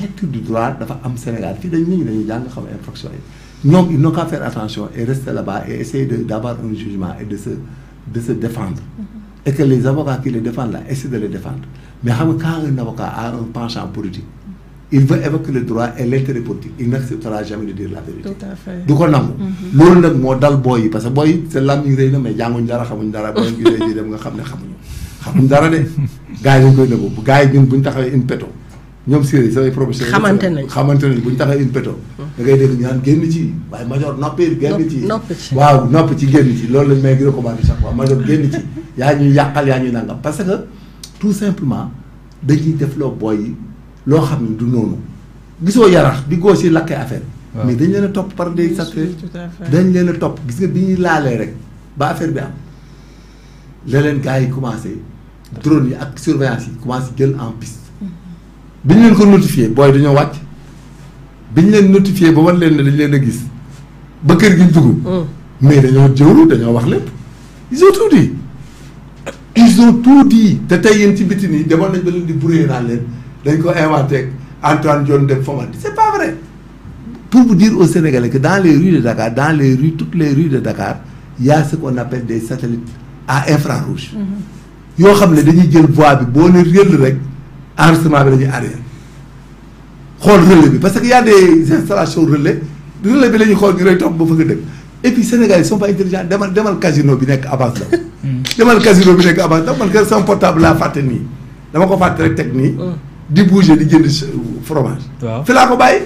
lecture du droit dafa am Sénégal fii dañ nit ñi dañuy jàng xam infraction yi ñoom ils n'ont qu'à faire attention et rester là-bas et essayer de d'avoir un jugement et de se de se défendre mm-hmm. et que les avocats qui les défendent là essaient de les défendre mais xam nga quand un avocat a un penchant politique mm-hmm. il veut évoquer le droit et l'intérêt politique il n'acceptera jamais de dire la vérité tout à fait du ko nangu mm-hmm. loolu nag moo dal boy yi parce que boy c'est seen làmmiñ rëy na mais jànguñ dara xamuñ dara booy gisee dem nga xam ne xamuñu xamuñ dara de gars yi dañ koy nëbbu gars yi ñun buñ taxawee une péto ñom séeréer ça samay professeurs xamante nañ xamante nañ bu ñu taxee une péto hmm. da ngay dégg ñaan génn ci waaye major noppi génn ci waaw nopp ci génn ci loolu lañ may ngi recommandé chaque fois major génn ci yaa ñuy yàqal yaa ñuy nangam parce que tout simplement dañuy def loo boy yi loo xam ne du noonu gisoo yarax bi gauche yi lakkee affaire mais dañ leen a topp par des acteurs dañ leen a topp gis nga bi ñuy laalee rek ba affaire bi am la leen gars yi commencé drone yi ak surveillance yi commencé jël en piste bi ñu leen ko notifié booy dañoo wàcc biñ ñu leen notifié ba wan leen ne dañ leen a gis ba kër gi dugg. Mm. mais dañoo jëwru dañoo wax lépp ils ont tout dit ils ont tout dit te tey yéen ci biti nii demoon nañ ba leen di brouillé naa leen dañ ko inventé Antoine john dem Fomane c'est pas vrai. pour vous dire aux Sénégalais que dans les rues de Dakar dans les rues toutes les rues de Dakar il y a ce qu'on appelle des satellites à infrarouge. Mm-hmm. yoo xam ne dañuy jël voie bi boo ne réel rek. enregistrement bi la ñuy xool relais bi parce que y a des installations relais relais bi la ñuy xool ñu lay topp ba fa nga dëkk et puis Sénégal yi sont pas intelligents demal demal casino bi nekk avance daw hmm. demal casino bi nekk avance daw man kër sama portable laa fàtte nii dama ko fàtte rek teg nii hmm. di bouger di jënd fromage fi ko bàyyi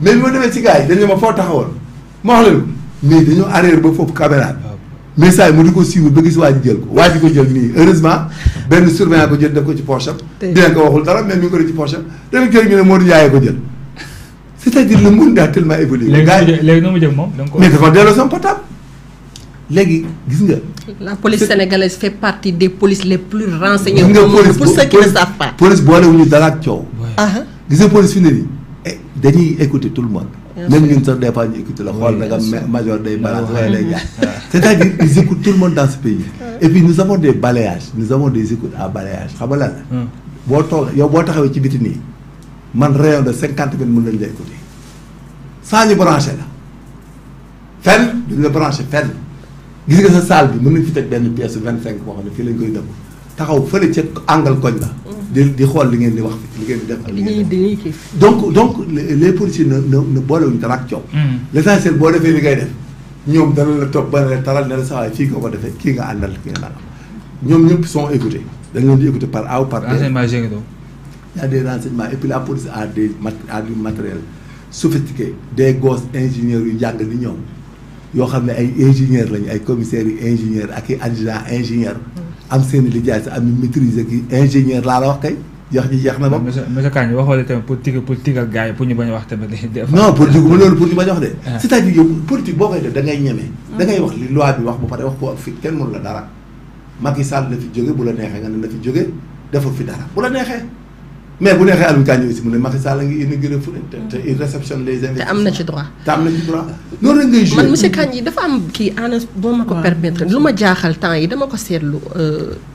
mais bi ma demee ci gars yi dañu ma foo taxawoon ma wax leen mais dañoo arrière ba foofu caméra mais ça il m'a dit que si vous gis waa ji jël ko waa ji ko jël nii heureusement benn surveillant ko jël def ko ci poche am. dinañ waxul dara mais mi ngi ko def ci poche am dafa jël ne Modou Ndiaye ko jël c'est-à-dire le monde a tellement évolué. Les gars, nu mu jëm moom mais dafa delloo sama portable léegi gis nga. la police sénégalaise fait partie des polices les plus renseignées. gis nga pour ceux qui ne savent pas. police boolewuñu dara ak coow. Ah, ah. gis nga police fi ne nii eh, dañuy écouter tout le monde même ñun sax des fois ñu écouté la xool na nga major day balance waaye day jaay c'est-à-dire ils écoutent tout le monde dans ce pays et puis nous avons des balayages nous avons des écoutes à balayage xam nga lan la hmm. boo toog yow boo taxawee ci biti nii man rayon de cinquante mille mën nañ la écouté sans ñu branché la fenn duñ la branché fenn gis nga sa salle bi mën nañ fi teg benn pièce vingt cinq boo xam ne fii lañ koy dëpp taxaw fele ci angle koñ la. Mm. di di xol li ngeen di wax li ngeen di def li ngeen di donc donc les policiers ne ne na boolewuñu dara ak coow. Mm. l' essentiel boo li ngay def ñoom dana la top ba ne taral ne la saa waay fii nga ko defee kii nga àndal kii nga naan ñoom ñëpp sont écoutés dañ leen di écouté par aw par B. renseignement do ya a des renseignements et puis la police a des mat a du matériel sophistiqué des gosses ingénieurs yu jang ni ñom yo xamné ay ingénieurs lañ ay commissaires yu ingénieurs ak ay adjudants ingénieurs. Mm. am seen lijaasa am maîtrise ki ingénieur laa la wax kay. jox ji jeex na ba monsieur monsieur Kandji waxoo tamit politique politique ak yi pour ñu bañ wax tamit. non politique bu ñu wax de. Ah. c'est-à-dire yow boo koy def da ñeme. Ah. da wax li loi bi wax ba pare wax ko ak fi kenn mënu la dara. Macky Sall la fi jóge bu la neexee nga ne la fi jóge dafa fi dara bu la neexee. mais bu neexee Alioune Kandji aussi mu ne Macky Sall a ngi inauguré fu ne te il réceptionne les investissements. te am na ci droit te am na ci droit. noonu rek ngay joué man dafa am kii ana boo ma ko permettre lu ma jaaxal temps yi dama ko seetlu. Euh,